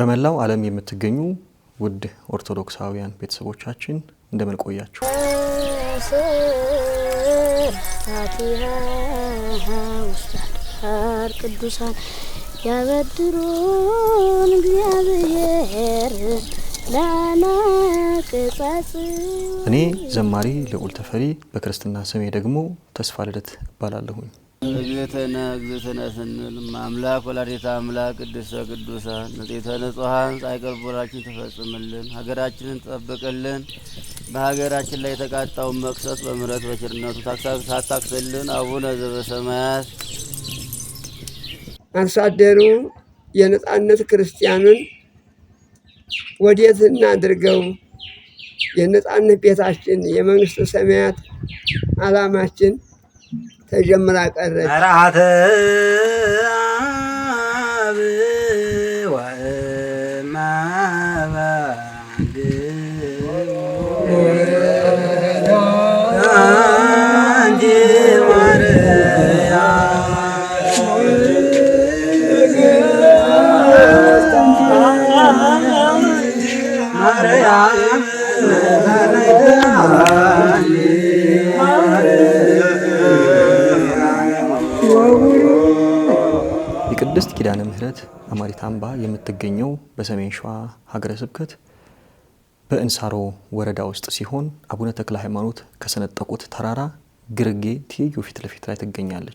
በመላው ዓለም የምትገኙ ውድ ኦርቶዶክሳውያን ቤተሰቦቻችን እንደምን ቆያችሁ? ቅዱሳን ያበድሩን እግዚአብሔር እኔ ዘማሪ ልዑል ተፈሪ በክርስትና ስሜ ደግሞ ተስፋ ልደት እባላለሁኝ። እግዝእትነ እግዝእትነ ስንል አምላክ ወላዲተ አምላክ ቅድስተ ቅዱሳን ንጽሕተ ንጹሐን ሳይቀር ቦታችን ትፈጽምልን፣ ሀገራችንን ትጠብቅልን፣ በሀገራችን ላይ የተቃጣውን መቅሰስ በምሕረት በቸርነቱ ታታክስልን። አቡነ ዘበሰማያት አርሶ አደሩ የነጻነት ክርስቲያኑን ወዴት እናድርገው? የነጻነት ቤታችን የመንግስት ሰማያት አላማችን ተጀምራ ቀረች። ረሃተ አብ ወማባድ አንዲ ማርያም ኪዳነ ምሕረት አማሪት አምባ የምትገኘው በሰሜን ሸዋ ሀገረ ስብከት በእንሳሮ ወረዳ ውስጥ ሲሆን አቡነ ተክለ ሃይማኖት ከሰነጠቁት ተራራ ግርጌ ትይዩ ፊት ለፊት ላይ ትገኛለች።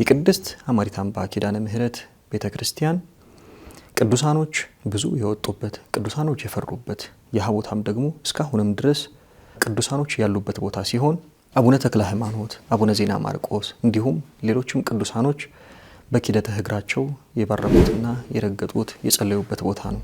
የቅድስት አማሪት አምባ ኪዳነ ምሕረት ቤተ ክርስቲያን ቅዱሳኖች ብዙ የወጡበት፣ ቅዱሳኖች የፈሩበት፣ የሀቦታም ደግሞ እስካሁንም ድረስ ቅዱሳኖች ያሉበት ቦታ ሲሆን አቡነ ተክለ ሃይማኖት፣ አቡነ ዜና ማርቆስ እንዲሁም ሌሎችም ቅዱሳኖች በኪደተ እግራቸው የባረኩትና የረገጡት የጸለዩበት ቦታ ነው።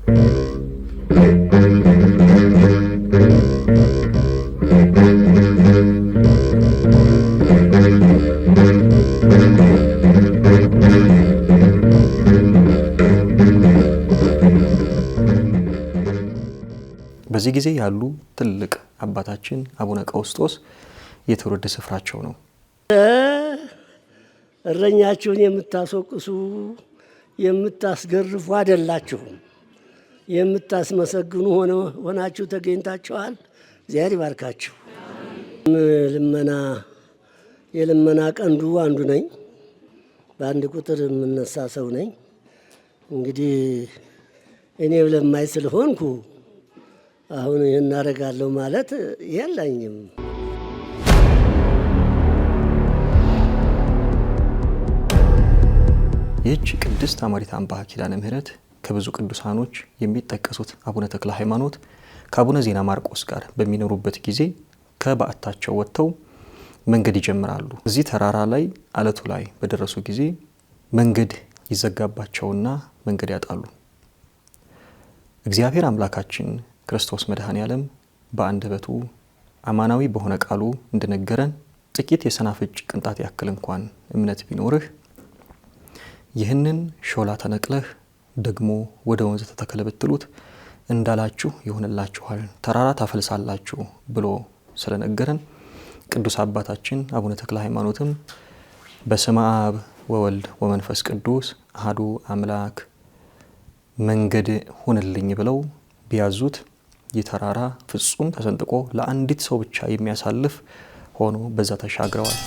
በዚህ ጊዜ ያሉ ትልቅ አባታችን አቡነ ቀውስጦስ የትውልድ ስፍራቸው ነው። እረኛችሁን የምታስወቅሱ የምታስገርፉ አይደላችሁም፣ የምታስመሰግኑ ሆናችሁ ተገኝታችኋል። እግዚአብሔር ይባርካችሁ። ልመና የልመና ቀንዱ አንዱ ነኝ። በአንድ ቁጥር የምነሳ ሰው ነኝ። እንግዲህ እኔ ብለማይ ስለሆንኩ አሁን ይህን ማለት የለኝም። ይህች ቅድስት አማሪት አምባ ኪዳነ ምሕረት ከብዙ ቅዱሳኖች የሚጠቀሱት አቡነ ተክለ ሃይማኖት ከአቡነ ዜና ማርቆስ ጋር በሚኖሩበት ጊዜ ከበዓታቸው ወጥተው መንገድ ይጀምራሉ። እዚህ ተራራ ላይ አለቱ ላይ በደረሱ ጊዜ መንገድ ይዘጋባቸውና መንገድ ያጣሉ። እግዚአብሔር አምላካችን ክርስቶስ መድኃኔ ዓለም በአንደበቱ አማናዊ በሆነ ቃሉ እንደነገረን ጥቂት የሰናፍጭ ቅንጣት ያክል እንኳን እምነት ቢኖርህ ይህንን ሾላ ተነቅለህ ደግሞ ወደ ወንዝ ተተከለ ብትሉት እንዳላችሁ ይሆንላችኋል፣ ተራራ ታፈልሳላችሁ ብሎ ስለነገረን ቅዱስ አባታችን አቡነ ተክለ ሃይማኖትም በስመ አብ ወወልድ ወመንፈስ ቅዱስ አህዱ አምላክ መንገድ ሁንልኝ ብለው ቢያዙት ይህ ተራራ ፍጹም ተሰንጥቆ ለአንዲት ሰው ብቻ የሚያሳልፍ ሆኖ በዛ ተሻግረዋል።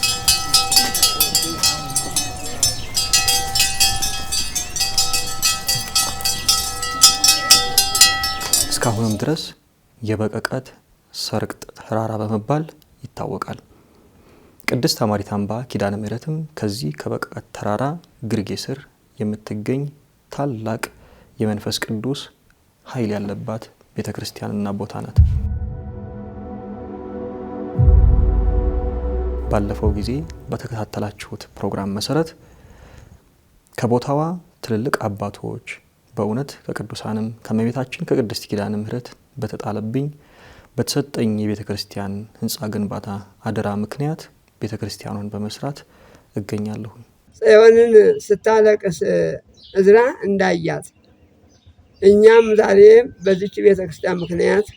እስካሁንም ድረስ የበቀቀት ሰርቅ ተራራ በመባል ይታወቃል። ቅድስት ተማሪት አምባ ኪዳነ ምሕረትም ከዚህ ከበቀቀት ተራራ ግርጌ ስር የምትገኝ ታላቅ የመንፈስ ቅዱስ ኃይል ያለባት ቤተ ክርስቲያንና ቦታ ናት። ባለፈው ጊዜ በተከታተላችሁት ፕሮግራም መሰረት ከቦታዋ ትልልቅ አባቶች በእውነት ከቅዱሳንም ከመቤታችን ከቅድስት ኪዳነ ምሕረት በተጣለብኝ በተሰጠኝ የቤተ ክርስቲያን ህንፃ ግንባታ አደራ ምክንያት ቤተ ክርስቲያኗን በመስራት እገኛለሁ። ጽዮንን ስታለቅስ እዝራ እንዳያት እኛም ዛሬ በዚች ቤተ ክርስቲያን ምክንያት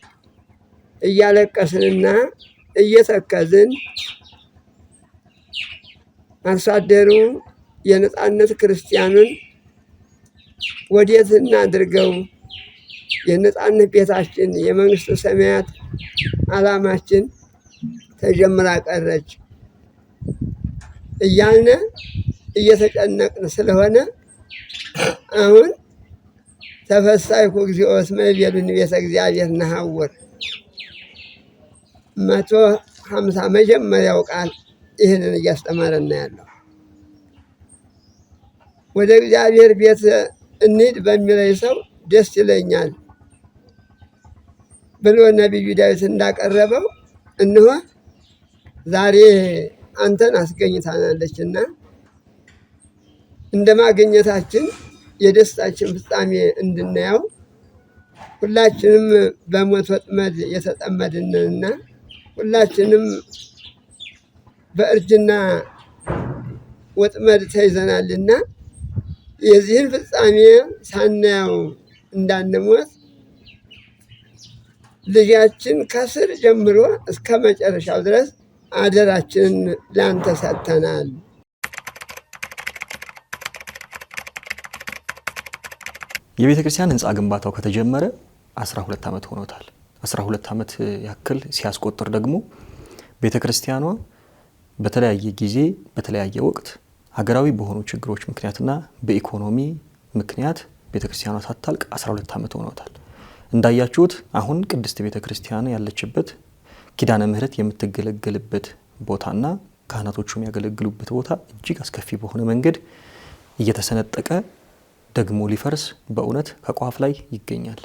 እያለቀስንና እየተከዝን አርሶ አደሩ የነፃነት ክርስቲያኑን ወዴት እናድርገው? የነፃነት ቤታችን የመንግስት ሰማያት አላማችን ተጀምራ ቀረች እያልነ እየተጨነቅን ስለሆነ አሁን ተፈሳይኩ እግዚኦ እስመ ይቤሉኒ ቤተ እግዚአብሔር ነሐውር መቶ ሀምሳ መጀመሪያው ቃል ይህንን እያስተማረና ያለው ወደ እግዚአብሔር ቤት እንሂድ በሚለኝ ሰው ደስ ይለኛል ብሎ ነቢዩ ዳዊት እንዳቀረበው እንሆ ዛሬ አንተን አስገኝታለችና እንደ ማግኘታችን የደስታችን ፍጻሜ እንድናየው ሁላችንም በሞት ወጥመድ የተጠመድንና ሁላችንም በእርጅና ወጥመድ ተይዘናልና የዚህን ፍጻሜ ሳናየው እንዳንሞት ልጃችን ከስር ጀምሮ እስከ መጨረሻው ድረስ አደራችንን ላንተ ሰጥተናል። የቤተ ክርስቲያን ህንፃ ግንባታው ከተጀመረ 12 ዓመት ሆኖታል። 12 ዓመት ያክል ሲያስቆጥር ደግሞ ቤተ ክርስቲያኗ በተለያየ ጊዜ በተለያየ ወቅት ሀገራዊ በሆኑ ችግሮች ምክንያትና በኢኮኖሚ ምክንያት ቤተ ክርስቲያኗ ሳታልቅ 12 ዓመት ሆኖታል። እንዳያችሁት አሁን ቅድስት ቤተ ክርስቲያን ያለችበት ኪዳነ ምሕረት የምትገለገልበት ቦታና ካህናቶቹ የሚያገለግሉበት ቦታ እጅግ አስከፊ በሆነ መንገድ እየተሰነጠቀ ደግሞ ሊፈርስ በእውነት ከቋፍ ላይ ይገኛል።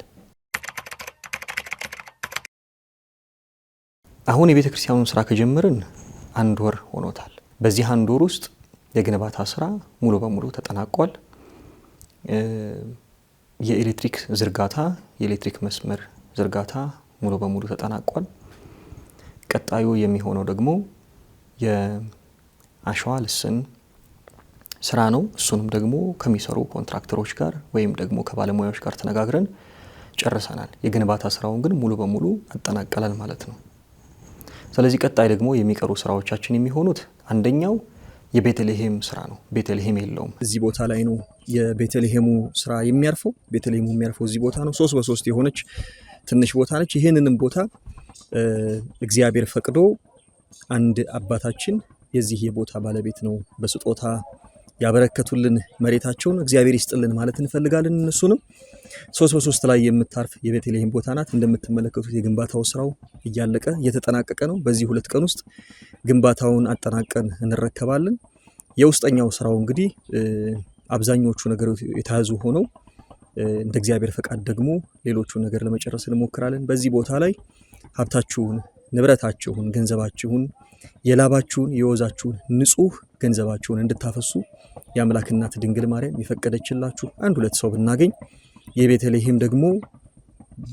አሁን የቤተ ክርስቲያኑን ስራ ከጀመርን አንድ ወር ሆኖታል። በዚህ አንድ ወር ውስጥ የግንባታ ስራ ሙሉ በሙሉ ተጠናቋል። የኤሌክትሪክ ዝርጋታ የኤሌክትሪክ መስመር ዝርጋታ ሙሉ በሙሉ ተጠናቋል። ቀጣዩ የሚሆነው ደግሞ የአሸዋ ልስን ስራ ነው። እሱንም ደግሞ ከሚሰሩ ኮንትራክተሮች ጋር ወይም ደግሞ ከባለሙያዎች ጋር ተነጋግረን ጨርሰናል። የግንባታ ስራውን ግን ሙሉ በሙሉ አጠናቀላል ማለት ነው። ስለዚህ ቀጣይ ደግሞ የሚቀሩ ስራዎቻችን የሚሆኑት አንደኛው የቤተልሔም ስራ ነው። ቤተልሔም የለውም። እዚህ ቦታ ላይ ነው የቤተልሔሙ ስራ የሚያርፈው። ቤተልሔሙ የሚያርፈው እዚህ ቦታ ነው። ሶስት በሶስት የሆነች ትንሽ ቦታ ነች። ይህንንም ቦታ እግዚአብሔር ፈቅዶ አንድ አባታችን የዚህ የቦታ ባለቤት ነው በስጦታ ያበረከቱልን መሬታቸውን እግዚአብሔር ይስጥልን ማለት እንፈልጋለን እነሱንም ሶስት በሶስት ላይ የምታርፍ የቤተልሔም ቦታ ናት። እንደምትመለከቱት የግንባታው ስራው እያለቀ እየተጠናቀቀ ነው። በዚህ ሁለት ቀን ውስጥ ግንባታውን አጠናቀን እንረከባለን። የውስጠኛው ስራው እንግዲህ አብዛኞቹ ነገሮች የተያዙ ሆነው እንደ እግዚአብሔር ፈቃድ ደግሞ ሌሎቹ ነገር ለመጨረስ እንሞክራለን። በዚህ ቦታ ላይ ሀብታችሁን፣ ንብረታችሁን፣ ገንዘባችሁን፣ የላባችሁን፣ የወዛችሁን ንጹህ ገንዘባችሁን እንድታፈሱ የአምላክ እናት ድንግል ማርያም የፈቀደችላችሁ አንድ ሁለት ሰው ብናገኝ የቤተልሔም ደግሞ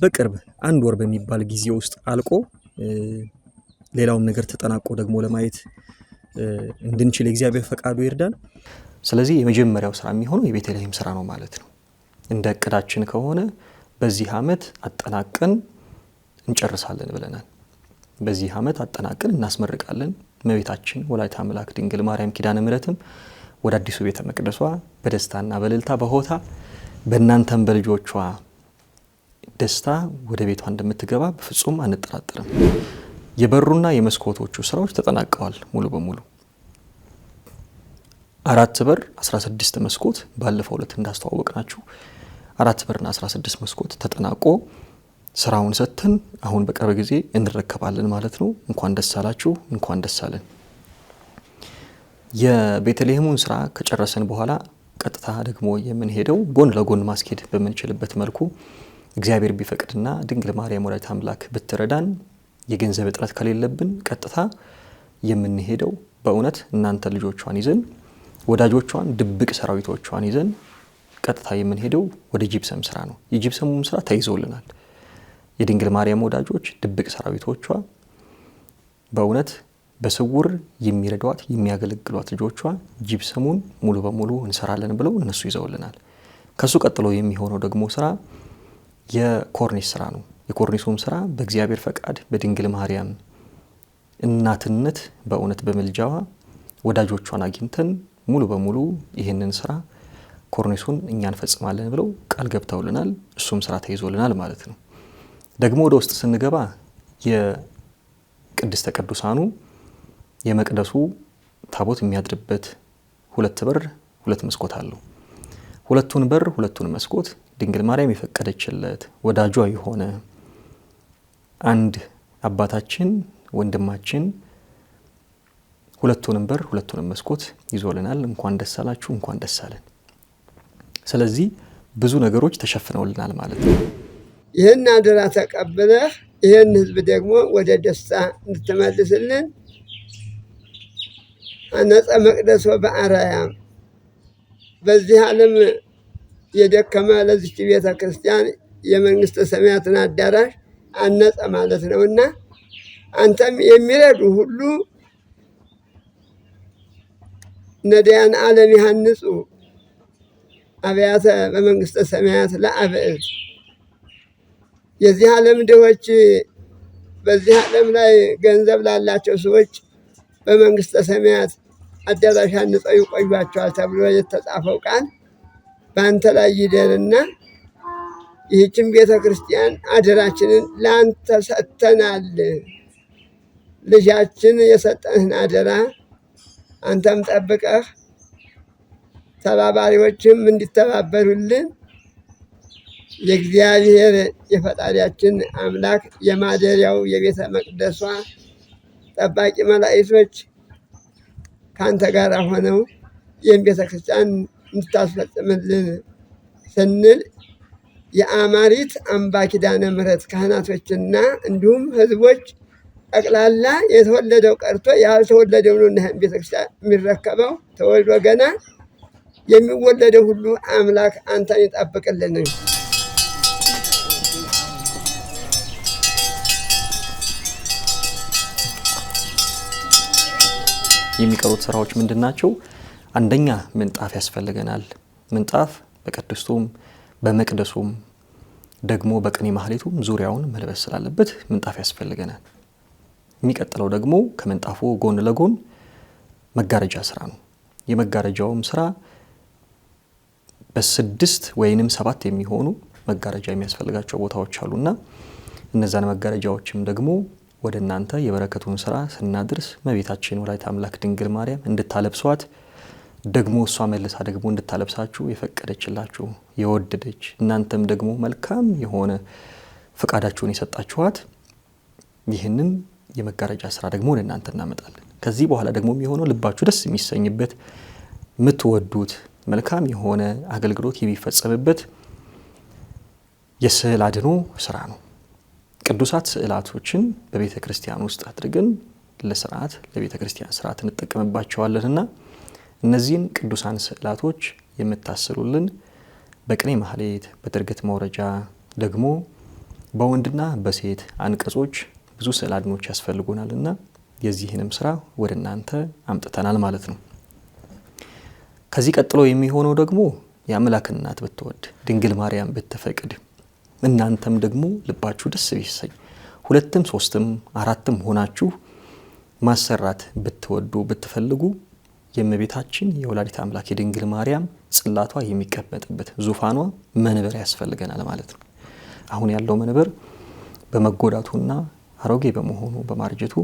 በቅርብ አንድ ወር በሚባል ጊዜ ውስጥ አልቆ ሌላውን ነገር ተጠናቆ ደግሞ ለማየት እንድንችል እግዚአብሔር ፈቃዱ ይርዳል። ስለዚህ የመጀመሪያው ስራ የሚሆነው የቤተልሔም ስራ ነው ማለት ነው። እንደ እቅዳችን ከሆነ በዚህ ዓመት አጠናቀን እንጨርሳለን ብለናል። በዚህ ዓመት አጠናቀን እናስመርቃለን። እመቤታችን ወላዲተ አምላክ ድንግል ማርያም ኪዳነ ምሕረትም ወደ አዲሱ ቤተ መቅደሷ በደስታና በልልታ በሆታ በእናንተም በልጆቿ ደስታ ወደ ቤቷ እንደምትገባ በፍጹም አንጠራጠርም። የበሩና የመስኮቶቹ ስራዎች ተጠናቀዋል ሙሉ በሙሉ። አራት በር 16 መስኮት ባለፈው ዕለት እንዳስተዋወቅ ናችሁ አራት በርና 16 መስኮት ተጠናቆ ስራውን ሰጥተን አሁን በቅርብ ጊዜ እንረከባለን ማለት ነው። እንኳን ደስ አላችሁ፣ እንኳን ደስ አለን። የቤተልሔሙን ስራ ከጨረሰን በኋላ ቀጥታ ደግሞ የምንሄደው ጎን ለጎን ማስኬድ በምንችልበት መልኩ እግዚአብሔር ቢፈቅድና ድንግል ማርያም ወላዲተ አምላክ ብትረዳን የገንዘብ እጥረት ከሌለብን ቀጥታ የምንሄደው በእውነት እናንተ ልጆቿን ይዘን ወዳጆቿን ድብቅ ሰራዊቶቿን ይዘን ቀጥታ የምንሄደው ወደ ጅብሰም ስራ ነው። የጂፕሰሙም ስራ ተይዞልናል። የድንግል ማርያም ወዳጆች ድብቅ ሰራዊቶቿ በእውነት በስውር የሚረዷት የሚያገለግሏት ልጆቿ ጂፕሰሙን ሙሉ በሙሉ እንሰራለን ብለው እነሱ ይዘውልናል። ከሱ ቀጥሎ የሚሆነው ደግሞ ስራ የኮርኒስ ስራ ነው። የኮርኒሱም ስራ በእግዚአብሔር ፈቃድ በድንግል ማርያም እናትነት በእውነት በምልጃዋ ወዳጆቿን አግኝተን ሙሉ በሙሉ ይህንን ስራ ኮርኒሱን እኛ እንፈጽማለን ብለው ቃል ገብተውልናል። እሱም ስራ ተይዞልናል ማለት ነው። ደግሞ ወደ ውስጥ ስንገባ የቅድስተ ቅዱሳኑ የመቅደሱ ታቦት የሚያድርበት ሁለት በር ሁለት መስኮት አለው። ሁለቱን በር ሁለቱን መስኮት ድንግል ማርያም የፈቀደችለት ወዳጇ የሆነ አንድ አባታችን ወንድማችን ሁለቱንም በር ሁለቱንም መስኮት ይዞልናል። እንኳን ደስ አላችሁ፣ እንኳን ደስ አለን። ስለዚህ ብዙ ነገሮች ተሸፍነውልናል ማለት ነው። ይህን አደራ ተቀብለህ ይህን ህዝብ ደግሞ ወደ ደስታ እንድትመልስልን አነጸ መቅደሶ በአራያ በዚህ ዓለም የደከመ ለዚች ቤተ ክርስቲያን የመንግስተ ሰማያትን አዳራሽ አነጸ ማለት እና አንተም የሚረዱ ሁሉ ነዳያን ዓለም ያንጹ አብያተ በመንግስተ ሰማያት ለአብዕት የዚህ ዓለም ድሆች በዚህ ዓለም ላይ ገንዘብ ላላቸው ሰዎች በመንግስተ ሰማያት አዳራሽ አንጸው ይቆዩአቸዋል ተብሎ የተጻፈው ቃል በአንተ ላይ ይደርና ይህችን ቤተ ክርስቲያን አደራችንን ለአንተ ሰጥተናል። ልጃችን የሰጠንህን አደራ አንተም ጠብቀህ ተባባሪዎችም እንዲተባበሩልን የእግዚአብሔር የፈጣሪያችን አምላክ የማደሪያው የቤተ መቅደሷ ጠባቂ መላእክቶች ከአንተ ጋር ሆነው ይህን ቤተ ክርስቲያን እንድታስፈጽምልን ስንል የአማሪት አምባ ኪዳነ ምሕረት ካህናቶችና እንዲሁም ህዝቦች ጠቅላላ የተወለደው ቀርቶ ያልተወለደው ነው እና ቤተክርስቲያን የሚረከበው ተወልዶ ገና የሚወለደው ሁሉ አምላክ አንተን ይጠብቅልን። የሚቀሩት ስራዎች ምንድን ናቸው? አንደኛ ምንጣፍ ያስፈልገናል። ምንጣፍ በቅድስቱም በመቅደሱም ደግሞ በቅኔ ማህሌቱም ዙሪያውን መልበስ ስላለበት ምንጣፍ ያስፈልገናል። የሚቀጥለው ደግሞ ከምንጣፉ ጎን ለጎን መጋረጃ ስራ ነው። የመጋረጃውም ስራ በስድስት ወይንም ሰባት የሚሆኑ መጋረጃ የሚያስፈልጋቸው ቦታዎች አሉና እነዛን መጋረጃዎችም ደግሞ ወደ እናንተ የበረከቱን ስራ ስናድርስ መቤታችን ወላዲተ አምላክ ድንግል ማርያም እንድታለብሷት ደግሞ እሷ መልሳ ደግሞ እንድታለብሳችሁ የፈቀደችላችሁ የወደደች እናንተም ደግሞ መልካም የሆነ ፈቃዳችሁን የሰጣችኋት ይህንን የመጋረጃ ስራ ደግሞ ወደ እናንተ እናመጣለን። ከዚህ በኋላ ደግሞ የሚሆነው ልባችሁ ደስ የሚሰኝበት የምትወዱት መልካም የሆነ አገልግሎት የሚፈጸምበት የስዕል አድኖ ስራ ነው። ቅዱሳት ስዕላቶችን በቤተ ክርስቲያን ውስጥ አድርገን ለስርዓት ለቤተ ክርስቲያን ስርዓት እንጠቀምባቸዋለንና እነዚህን ቅዱሳን ስዕላቶች የምታስሉልን በቅኔ ማህሌት፣ በድርገት መውረጃ ደግሞ በወንድና በሴት አንቀጾች ብዙ ስዕል አድኖች ያስፈልጉናልና የዚህንም ስራ ወደ እናንተ አምጥተናል ማለት ነው። ከዚህ ቀጥሎ የሚሆነው ደግሞ የአምላክ እናት ብትወድ ድንግል ማርያም ብትፈቅድ እናንተም ደግሞ ልባችሁ ደስ ቢሰኝ ሁለትም ሶስትም አራትም ሆናችሁ ማሰራት ብትወዱ ብትፈልጉ የእመቤታችን የወላዲት አምላክ የድንግል ማርያም ጽላቷ የሚቀመጥበት ዙፋኗ መንበር ያስፈልገናል ማለት ነው። አሁን ያለው መንበር በመጎዳቱና አሮጌ በመሆኑ በማርጀቱ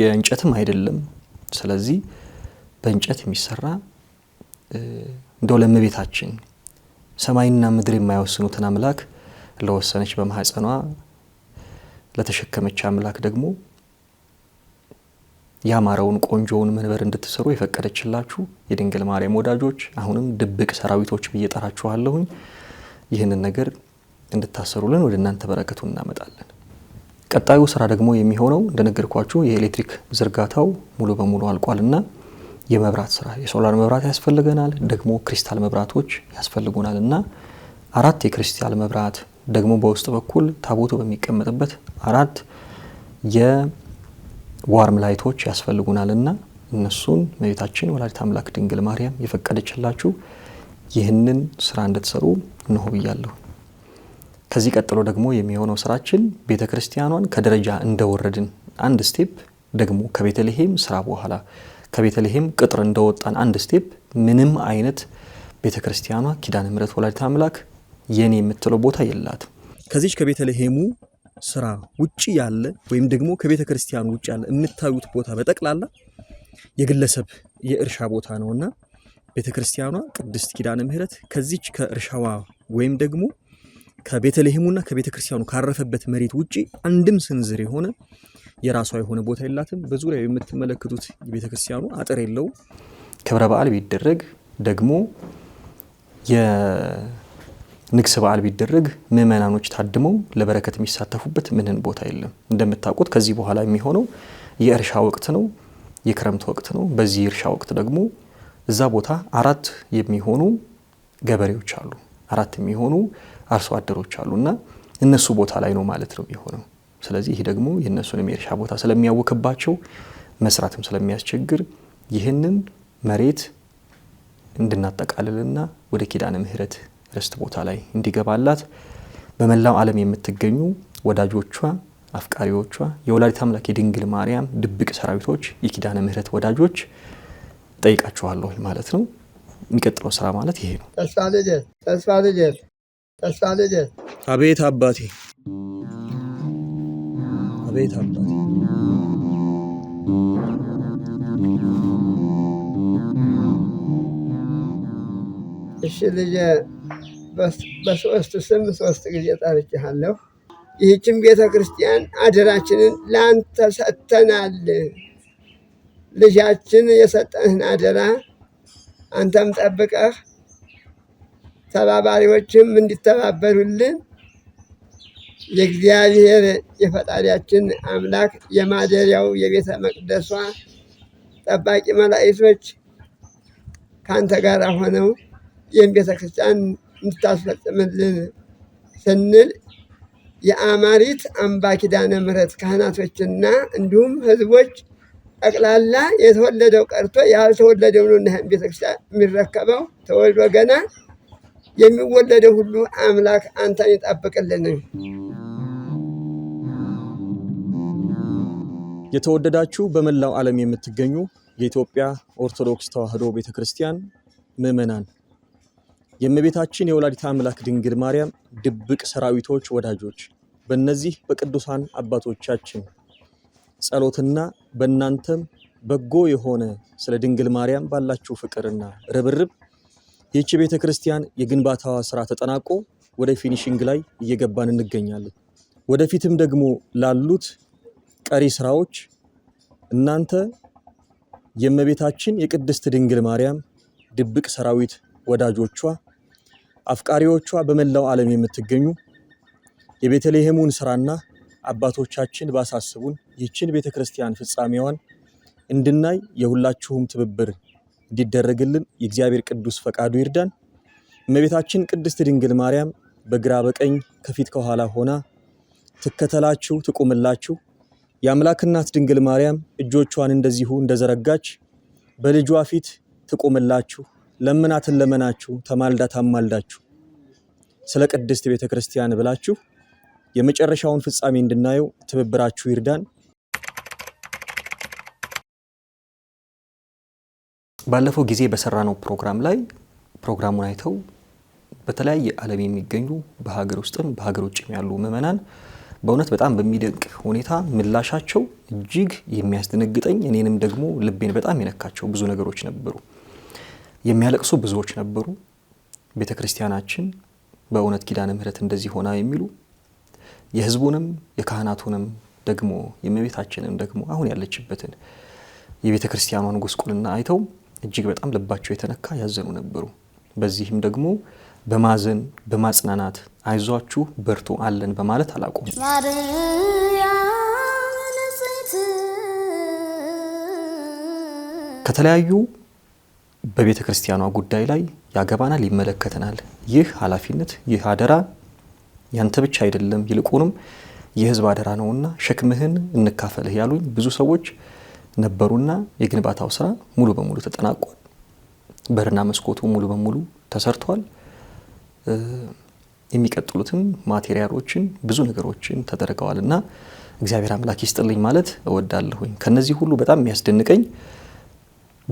የእንጨትም አይደለም። ስለዚህ በእንጨት የሚሰራ እንደው ለእመቤታችን ሰማይና ምድር የማይወስኑትን አምላክ ለወሰነች በማህፀኗ ለተሸከመች አምላክ ደግሞ ያማረውን ቆንጆውን መንበር እንድትሰሩ የፈቀደችላችሁ የድንግል ማርያም ወዳጆች አሁንም ድብቅ ሰራዊቶች ብዬ ጠራችኋለሁኝ። ይህንን ነገር እንድታሰሩልን ወደ እናንተ በረከቱ እናመጣለን። ቀጣዩ ስራ ደግሞ የሚሆነው እንደነገርኳችሁ የኤሌክትሪክ ዝርጋታው ሙሉ በሙሉ አልቋልና የመብራት ስራ የሶላር መብራት ያስፈልገናል፣ ደግሞ ክሪስታል መብራቶች ያስፈልጉናል እና አራት የክሪስታል መብራት ደግሞ በውስጥ በኩል ታቦቱ በሚቀመጥበት አራት የዋርም ላይቶች ያስፈልጉናል እና እነሱን እመቤታችን ወላዲት አምላክ ድንግል ማርያም የፈቀደችላችሁ ይህንን ስራ እንድትሰሩ እንሆ ብያለሁ። ከዚህ ቀጥሎ ደግሞ የሚሆነው ስራችን ቤተ ክርስቲያኗን ከደረጃ እንደወረድን አንድ ስቴፕ ደግሞ ከቤተልሔም ስራ በኋላ ከቤተልሔም ቅጥር እንደወጣን አንድ ስቴፕ ምንም አይነት ቤተ ክርስቲያኗ ኪዳነ ምሕረት ወላዲተ አምላክ የኔ የምትለው ቦታ የላትም። ከዚች ከቤተልሔሙ ስራ ውጭ ያለ ወይም ደግሞ ከቤተ ክርስቲያኑ ውጭ ያለ የምታዩት ቦታ በጠቅላላ የግለሰብ የእርሻ ቦታ ነውና ቤተ ክርስቲያኗ ቅድስት ኪዳነ ምሕረት ከዚች ከእርሻዋ ወይም ደግሞ ከቤተልሔሙና ከቤተ ክርስቲያኑ ካረፈበት መሬት ውጭ አንድም ስንዝር የሆነ የራሷ የሆነ ቦታ የላትም። በዙሪያው የምትመለከቱት የቤተ ክርስቲያኑ አጥር የለውም። ክብረ በዓል ቢደረግ ደግሞ ንግስ በዓል ቢደረግ ምእመናኖች ታድመው ለበረከት የሚሳተፉበት ምንን ቦታ የለም። እንደምታውቁት ከዚህ በኋላ የሚሆነው የእርሻ ወቅት ነው፣ የክረምት ወቅት ነው። በዚህ የእርሻ ወቅት ደግሞ እዛ ቦታ አራት የሚሆኑ ገበሬዎች አሉ፣ አራት የሚሆኑ አርሶ አደሮች አሉ እና እነሱ ቦታ ላይ ነው ማለት ነው የሚሆነው። ስለዚህ ይህ ደግሞ የእነሱንም የእርሻ ቦታ ስለሚያወክባቸው መስራትም ስለሚያስቸግር ይህንን መሬት እንድናጠቃልልና ወደ ኪዳነ ምሕረት ርስት ቦታ ላይ እንዲገባላት በመላው ዓለም የምትገኙ ወዳጆቿ፣ አፍቃሪዎቿ፣ የወላዲተ አምላክ የድንግል ማርያም ድብቅ ሰራዊቶች፣ የኪዳነ ምሕረት ወዳጆች ጠይቃችኋለሁ ማለት ነው። የሚቀጥለው ስራ ማለት ይሄ ነው። ተስፋ ተስፋ ተስፋ አቤት አባቴ፣ አቤት አባቴ እሺ ልጄ በሶስት ስም ሶስት ጊዜ ጠርቼሃለሁ። ይህችን ቤተ ክርስቲያን አደራችንን ለአንተ ሰጥተናል። ልጃችን የሰጠህን አደራ አንተም ጠብቀህ ተባባሪዎችም እንዲተባበሩልን የእግዚአብሔር የፈጣሪያችን አምላክ የማደሪያው የቤተ መቅደሷ ጠባቂ መላእክቶች ከአንተ ጋር ሆነው ይህን ቤተ ክርስቲያን እንድታስፈጽምልን ስንል የአማሪት አምባ ኪዳነ ምሕረት ካህናቶችና እንዲሁም ህዝቦች ጠቅላላ የተወለደው ቀርቶ ያልተወለደው ነው እና ቤተክርስቲያን የሚረከበው ተወልዶ ገና የሚወለደው ሁሉ አምላክ አንተን ይጠብቅልን። የተወደዳችሁ በመላው ዓለም የምትገኙ የኢትዮጵያ ኦርቶዶክስ ተዋሕዶ ቤተክርስቲያን ምዕመናን የእመቤታችን የወላዲት አምላክ ድንግል ማርያም ድብቅ ሰራዊቶች ወዳጆች፣ በእነዚህ በቅዱሳን አባቶቻችን ጸሎትና በእናንተም በጎ የሆነ ስለ ድንግል ማርያም ባላችሁ ፍቅርና ርብርብ ይህቺ ቤተ ክርስቲያን የግንባታዋ ስራ ተጠናቆ ወደ ፊኒሽንግ ላይ እየገባን እንገኛለን። ወደፊትም ደግሞ ላሉት ቀሪ ስራዎች እናንተ የእመቤታችን የቅድስት ድንግል ማርያም ድብቅ ሰራዊት ወዳጆቿ አፍቃሪዎቿ በመላው ዓለም የምትገኙ የቤተልሔሙን ስራና አባቶቻችን ባሳስቡን ይችን ቤተ ክርስቲያን ፍጻሜዋን እንድናይ የሁላችሁም ትብብር እንዲደረግልን የእግዚአብሔር ቅዱስ ፈቃዱ ይርዳን። እመቤታችን ቅድስት ድንግል ማርያም በግራ በቀኝ ከፊት ከኋላ ሆና ትከተላችሁ ትቁምላችሁ። የአምላክ እናት ድንግል ማርያም እጆቿን እንደዚሁ እንደዘረጋች በልጇ ፊት ትቁምላችሁ። ለምናትን ለመናችሁ ተማልዳ ታማልዳችሁ ስለ ቅድስት ቤተ ክርስቲያን ብላችሁ የመጨረሻውን ፍጻሜ እንድናየው ትብብራችሁ ይርዳን። ባለፈው ጊዜ በሰራነው ፕሮግራም ላይ ፕሮግራሙን አይተው በተለያየ ዓለም የሚገኙ በሀገር ውስጥም በሀገር ውጭም ያሉ ምዕመናን በእውነት በጣም በሚደንቅ ሁኔታ ምላሻቸው እጅግ የሚያስደነግጠኝ እኔንም ደግሞ ልቤን በጣም የነካቸው ብዙ ነገሮች ነበሩ። የሚያለቅሱ ብዙዎች ነበሩ። ቤተ ክርስቲያናችን በእውነት ኪዳነ ምሕረት እንደዚህ ሆና የሚሉ የህዝቡንም የካህናቱንም ደግሞ የእመቤታችንም ደግሞ አሁን ያለችበትን የቤተ ክርስቲያኗን ጉስቁልና አይተው እጅግ በጣም ልባቸው የተነካ ያዘኑ ነበሩ። በዚህም ደግሞ በማዘን በማጽናናት አይዟችሁ በርቶ አለን በማለት አላቆም። ከተለያዩ በቤተ ክርስቲያኗ ጉዳይ ላይ ያገባናል፣ ይመለከተናል። ይህ ኃላፊነት ይህ አደራ ያንተ ብቻ አይደለም፣ ይልቁንም የህዝብ አደራ ነውና ሸክምህን እንካፈልህ ያሉኝ ብዙ ሰዎች ነበሩና የግንባታው ስራ ሙሉ በሙሉ ተጠናቋል። በርና መስኮቱ ሙሉ በሙሉ ተሰርቷል። የሚቀጥሉትም ማቴሪያሎችን ብዙ ነገሮችን ተደርገዋል እና እግዚአብሔር አምላክ ይስጥልኝ ማለት እወዳለሁኝ። ከነዚህ ሁሉ በጣም የሚያስደንቀኝ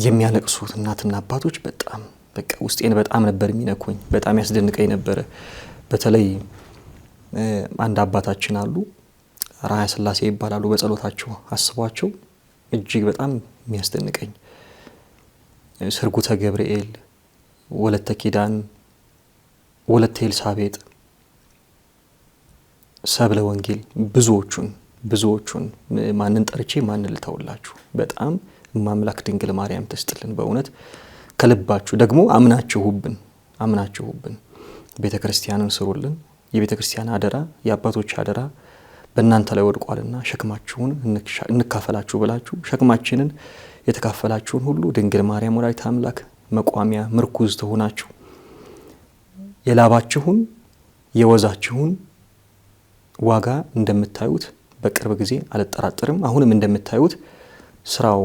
የሚያለቅሱት እናትና አባቶች በጣም በቃ ውስጤን በጣም ነበር የሚነኩኝ፣ በጣም ያስደንቀኝ ነበረ። በተለይ አንድ አባታችን አሉ ራያ ስላሴ ይባላሉ። በጸሎታቸው አስቧቸው እጅግ በጣም የሚያስደንቀኝ ስርጉተ ገብርኤል፣ ወለተ ኪዳን፣ ወለተ ኤልሳቤጥ፣ ሰብለ ወንጌል ብዙዎቹን ብዙዎቹን ማንን ጠርቼ ማንን ልተውላችሁ በጣም ማምላክ ድንግል ማርያም ትስጥልን። በእውነት ከልባችሁ ደግሞ አምናችሁብን አምናችሁብን ቤተ ክርስቲያንን ስሩልን። የቤተ ክርስቲያን አደራ የአባቶች አደራ በእናንተ ላይ ወድቋልና ሸክማችሁን እንካፈላችሁ ብላችሁ ሸክማችንን የተካፈላችሁን ሁሉ ድንግል ማርያም ወላዲተ አምላክ መቋሚያ ምርኩዝ ትሆናችሁ። የላባችሁን የወዛችሁን ዋጋ እንደምታዩት በቅርብ ጊዜ አልጠራጠርም። አሁንም እንደምታዩት ስራው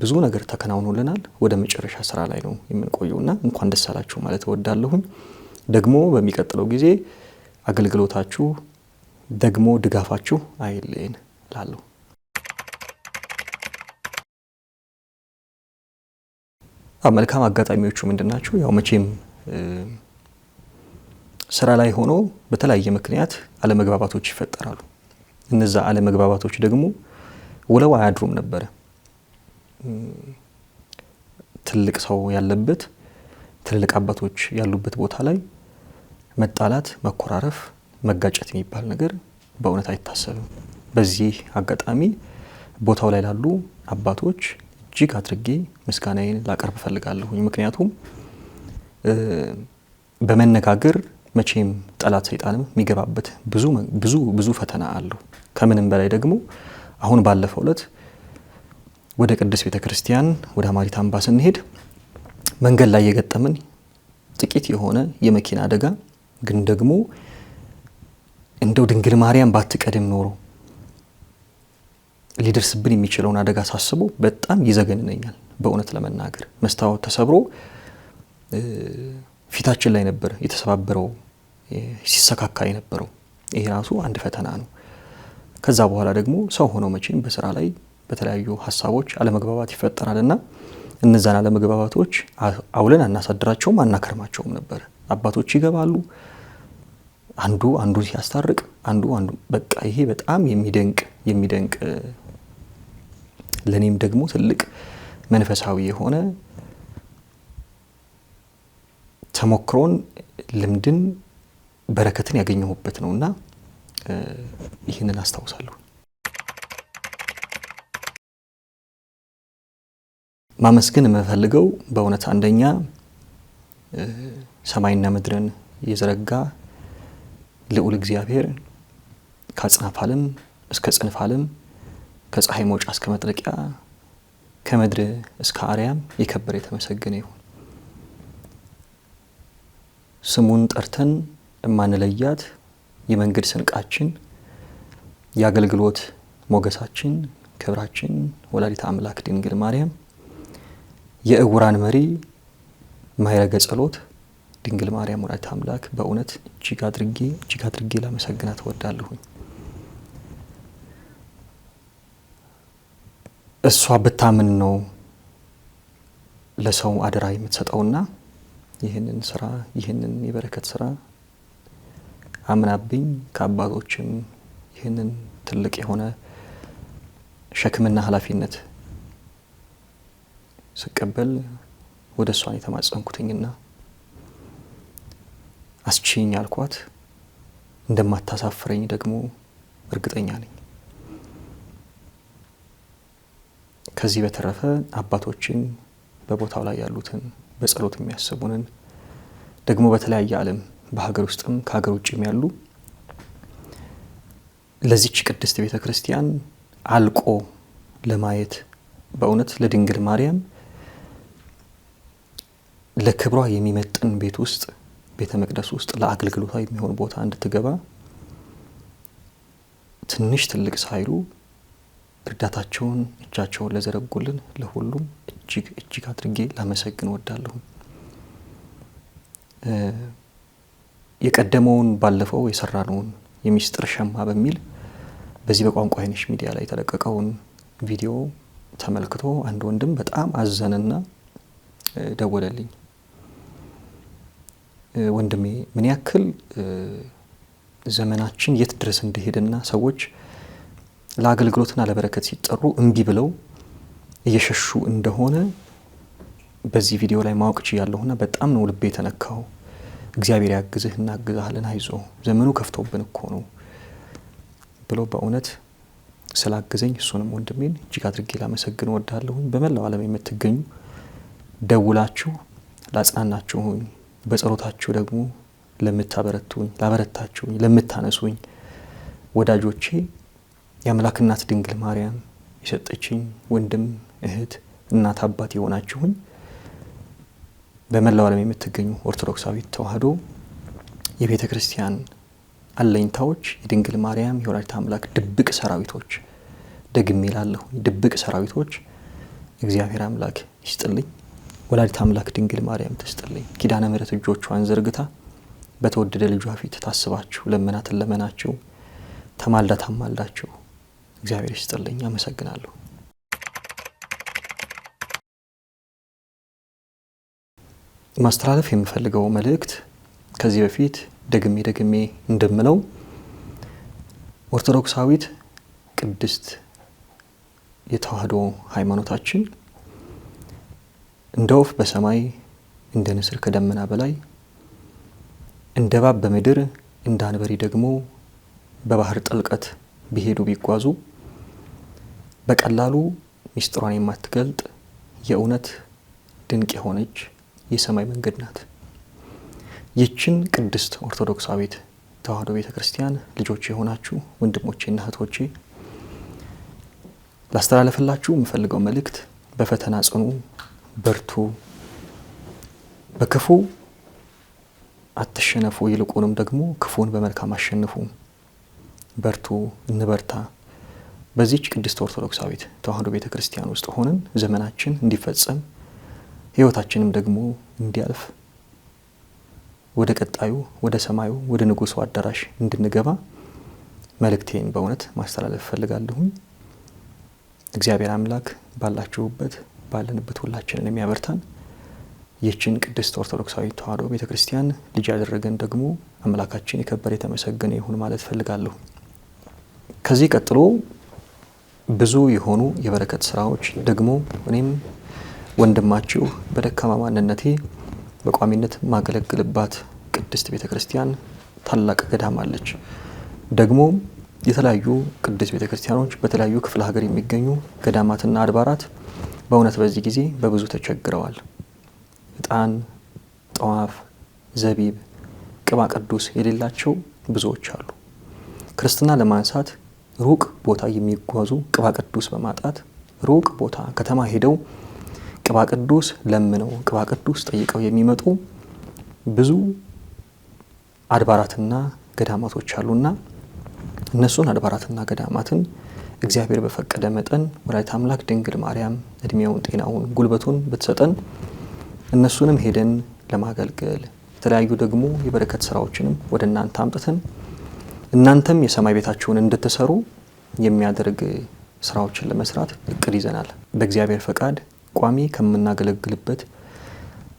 ብዙ ነገር ተከናውኖልናል። ወደ መጨረሻ ስራ ላይ ነው የምንቆየው እና እንኳን ደስ አላችሁ ማለት እወዳለሁኝ። ደግሞ በሚቀጥለው ጊዜ አገልግሎታችሁ ደግሞ ድጋፋችሁ አይልን ላለሁ መልካም አጋጣሚዎቹ ምንድናቸው ያው መቼም ስራ ላይ ሆኖ በተለያየ ምክንያት አለመግባባቶች ይፈጠራሉ። እነዛ አለመግባባቶች ደግሞ ውለው አያድሩም ነበረ ትልቅ ሰው ያለበት ትልቅ አባቶች ያሉበት ቦታ ላይ መጣላት፣ መኮራረፍ፣ መጋጨት የሚባል ነገር በእውነት አይታሰብም። በዚህ አጋጣሚ ቦታው ላይ ላሉ አባቶች እጅግ አድርጌ ምስጋናዬን ላቀርብ እፈልጋለሁኝ። ምክንያቱም በመነጋገር መቼም ጠላት ሰይጣንም የሚገባበት ብዙ ብዙ ፈተና አለው። ከምንም በላይ ደግሞ አሁን ባለፈው ዕለት ወደ ቅድስት ቤተ ክርስቲያን ወደ ሀማሪት አምባ ስንሄድ መንገድ ላይ የገጠምን ጥቂት የሆነ የመኪና አደጋ ግን ደግሞ እንደው ድንግል ማርያም ባትቀድም ኖሮ ሊደርስብን የሚችለውን አደጋ ሳስቦ በጣም ይዘገንነኛል። በእውነት ለመናገር መስታወት ተሰብሮ ፊታችን ላይ ነበር የተሰባበረው ሲሰካካ የነበረው። ይሄ ራሱ አንድ ፈተና ነው። ከዛ በኋላ ደግሞ ሰው ሆኖ መቼም በስራ ላይ በተለያዩ ሀሳቦች አለመግባባት ይፈጠራል እና እነዛን አለመግባባቶች አውለን አናሳድራቸውም፣ አናከርማቸውም ነበር። አባቶች ይገባሉ። አንዱ አንዱ ሲያስታርቅ አንዱ አንዱ በቃ ይሄ በጣም የሚደንቅ የሚደንቅ ለእኔም ደግሞ ትልቅ መንፈሳዊ የሆነ ተሞክሮን ልምድን በረከትን ያገኘሁበት ነው እና ይህንን አስታውሳለሁ። ማመስገን የምፈልገው በእውነት አንደኛ ሰማይና ምድርን የዘረጋ ልዑል እግዚአብሔር ከአጽናፍ ዓለም እስከ ጽንፍ ዓለም ከፀሐይ መውጫ እስከ መጥለቂያ ከምድር እስከ አርያም የከበረ የተመሰገነ ይሁን። ስሙን ጠርተን እማንለያት የመንገድ ስንቃችን፣ የአገልግሎት ሞገሳችን፣ ክብራችን ወላዲተ አምላክ ድንግል ማርያም የእውራን መሪ ማይረገ ጸሎት ድንግል ማርያም ወላዲተ አምላክ በእውነት እጅግ አድርጌ እጅግ አድርጌ ላመሰግናት እወዳለሁኝ። እሷ ብታምን ነው ለሰው አደራ የምትሰጠውና ይህንን ስራ ይህንን የበረከት ስራ አምናብኝ ከአባቶችም ይህንን ትልቅ የሆነ ሸክምና ኃላፊነት ስቀበል ወደ እሷን የተማጸንኩትኝና አስችኝ አልኳት። እንደማታሳፍረኝ ደግሞ እርግጠኛ ነኝ። ከዚህ በተረፈ አባቶችን በቦታው ላይ ያሉትን በጸሎት የሚያስቡንን ደግሞ በተለያየ ዓለም በሀገር ውስጥም ከሀገር ውጭም ያሉ ለዚች ቅድስት ቤተ ክርስቲያን አልቆ ለማየት በእውነት ለድንግል ማርያም ለክብሯ የሚመጥን ቤት ውስጥ ቤተ መቅደስ ውስጥ ለአገልግሎቷ የሚሆን ቦታ እንድትገባ ትንሽ ትልቅ ሳይሉ እርዳታቸውን እጃቸውን ለዘረጉልን ለሁሉም እጅግ እጅግ አድርጌ ላመሰግን ወዳለሁ። የቀደመውን ባለፈው የሰራነውን የሚስጥር ሸማ በሚል በዚህ በቋንቋ አይነሽ ሚዲያ ላይ የተለቀቀውን ቪዲዮ ተመልክቶ አንድ ወንድም በጣም አዘነና ደወለልኝ። ወንድሜ ምን ያክል ዘመናችን የት ድረስ እንደሄደና ሰዎች ለአገልግሎትና ለበረከት ሲጠሩ እምቢ ብለው እየሸሹ እንደሆነ በዚህ ቪዲዮ ላይ ማወቅ ችያለሁና በጣም ነው ልቤ የተነካው። እግዚአብሔር ያግዝህ፣ እናግዛለን፣ አይዞ ዘመኑ ከፍቶብን እኮ ነው ብሎ በእውነት ስላግዘኝ እሱንም ወንድሜን እጅግ አድርጌ ላመሰግን ወዳለሁኝ። በመላው ዓለም የምትገኙ ደውላችሁ ላጽናናችሁኝ በጸሎታችሁ ደግሞ ለምታበረቱኝ፣ ላበረታችሁኝ፣ ለምታነሱኝ ወዳጆቼ የአምላክ እናት ድንግል ማርያም የሰጠችኝ ወንድም፣ እህት፣ እናት፣ አባት የሆናችሁኝ በመላው ዓለም የምትገኙ ኦርቶዶክሳዊ ተዋህዶ የቤተ ክርስቲያን አለኝታዎች፣ የድንግል ማርያም የወላዲተ አምላክ ድብቅ ሰራዊቶች ደግሜ ላለሁ ድብቅ ሰራዊቶች እግዚአብሔር አምላክ ይስጥልኝ። ወላዲት አምላክ ድንግል ማርያም ትስጥልኝ። ኪዳነ ምሕረት እጆቿን ዘርግታ በተወደደ ልጇ ፊት ታስባችሁ ለመናትን ለመናችሁ ተማልዳ ታማልዳችሁ እግዚአብሔር ይስጥልኝ። አመሰግናለሁ። ማስተላለፍ የምፈልገው መልእክት ከዚህ በፊት ደግሜ ደግሜ እንደምለው ኦርቶዶክሳዊት ቅድስት የተዋህዶ ሃይማኖታችን እንደ ወፍ በሰማይ እንደ ንስር ከደመና በላይ እንደ እባብ በምድር እንደ አንበሪ ደግሞ በባህር ጥልቀት ቢሄዱ ቢጓዙ በቀላሉ ሚስጥሯን የማትገልጥ የእውነት ድንቅ የሆነች የሰማይ መንገድ ናት። ይችን ቅድስት ኦርቶዶክሳዊት ተዋህዶ ቤተ ክርስቲያን ልጆች የሆናችሁ ወንድሞቼና እህቶቼ ላስተላለፍላችሁ የምፈልገው መልእክት በፈተና ጽኑ በርቱ፣ በክፉ አትሸነፉ፣ ይልቁንም ደግሞ ክፉን በመልካም አሸንፉ፣ በርቱ፣ እንበርታ። በዚች ቅድስት ኦርቶዶክሳዊት ተዋህዶ ቤተ ክርስቲያን ውስጥ ሆነን ዘመናችን እንዲፈጸም ሕይወታችንም ደግሞ እንዲያልፍ ወደ ቀጣዩ ወደ ሰማዩ ወደ ንጉሱ አዳራሽ እንድንገባ መልእክቴን በእውነት ማስተላለፍ እፈልጋለሁኝ። እግዚአብሔር አምላክ ባላችሁበት ባለንበት ሁላችንን የሚያበርታን ይችን ቅድስት ኦርቶዶክሳዊ ተዋህዶ ቤተ ክርስቲያን ልጅ ያደረገን ደግሞ አምላካችን የከበረ የተመሰገነ ይሁን ማለት ፈልጋለሁ። ከዚህ ቀጥሎ ብዙ የሆኑ የበረከት ስራዎች ደግሞ እኔም ወንድማችሁ በደካማ ማንነቴ በቋሚነት ማገለግልባት ቅድስት ቤተ ክርስቲያን ታላቅ ገዳም አለች። ደግሞ የተለያዩ ቅድስት ቤተ ክርስቲያኖች በተለያዩ ክፍለ ሀገር የሚገኙ ገዳማትና አድባራት በእውነት በዚህ ጊዜ በብዙ ተቸግረዋል። ዕጣን፣ ጠዋፍ፣ ዘቢብ፣ ቅባ ቅዱስ የሌላቸው ብዙዎች አሉ። ክርስትና ለማንሳት ሩቅ ቦታ የሚጓዙ ቅባ ቅዱስ በማጣት ሩቅ ቦታ ከተማ ሄደው ቅባ ቅዱስ ለምነው ቅባ ቅዱስ ጠይቀው የሚመጡ ብዙ አድባራትና ገዳማቶች አሉና እነሱን አድባራትና ገዳማትን እግዚአብሔር በፈቀደ መጠን ወላዲተ አምላክ ድንግል ማርያም እድሜውን፣ ጤናውን፣ ጉልበቱን ብትሰጠን እነሱንም ሄደን ለማገልገል የተለያዩ ደግሞ የበረከት ስራዎችንም ወደ እናንተ አምጥተን እናንተም የሰማይ ቤታችሁን እንድትሰሩ የሚያደርግ ስራዎችን ለመስራት እቅድ ይዘናል። በእግዚአብሔር ፈቃድ ቋሚ ከምናገለግልበት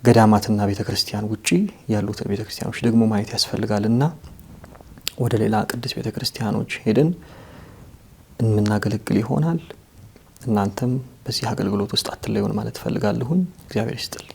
ገዳማትና ቤተ ክርስቲያን ውጪ ያሉት ቤተ ክርስቲያኖች ደግሞ ማየት ያስፈልጋልና ወደ ሌላ ቅዱስ ቤተ ክርስቲያኖች ሄደን የምናገለግል ይሆናል። እናንተም በዚህ አገልግሎት ውስጥ አትለዩን ማለት እፈልጋለሁኝ። እግዚአብሔር ይስጥልኝ።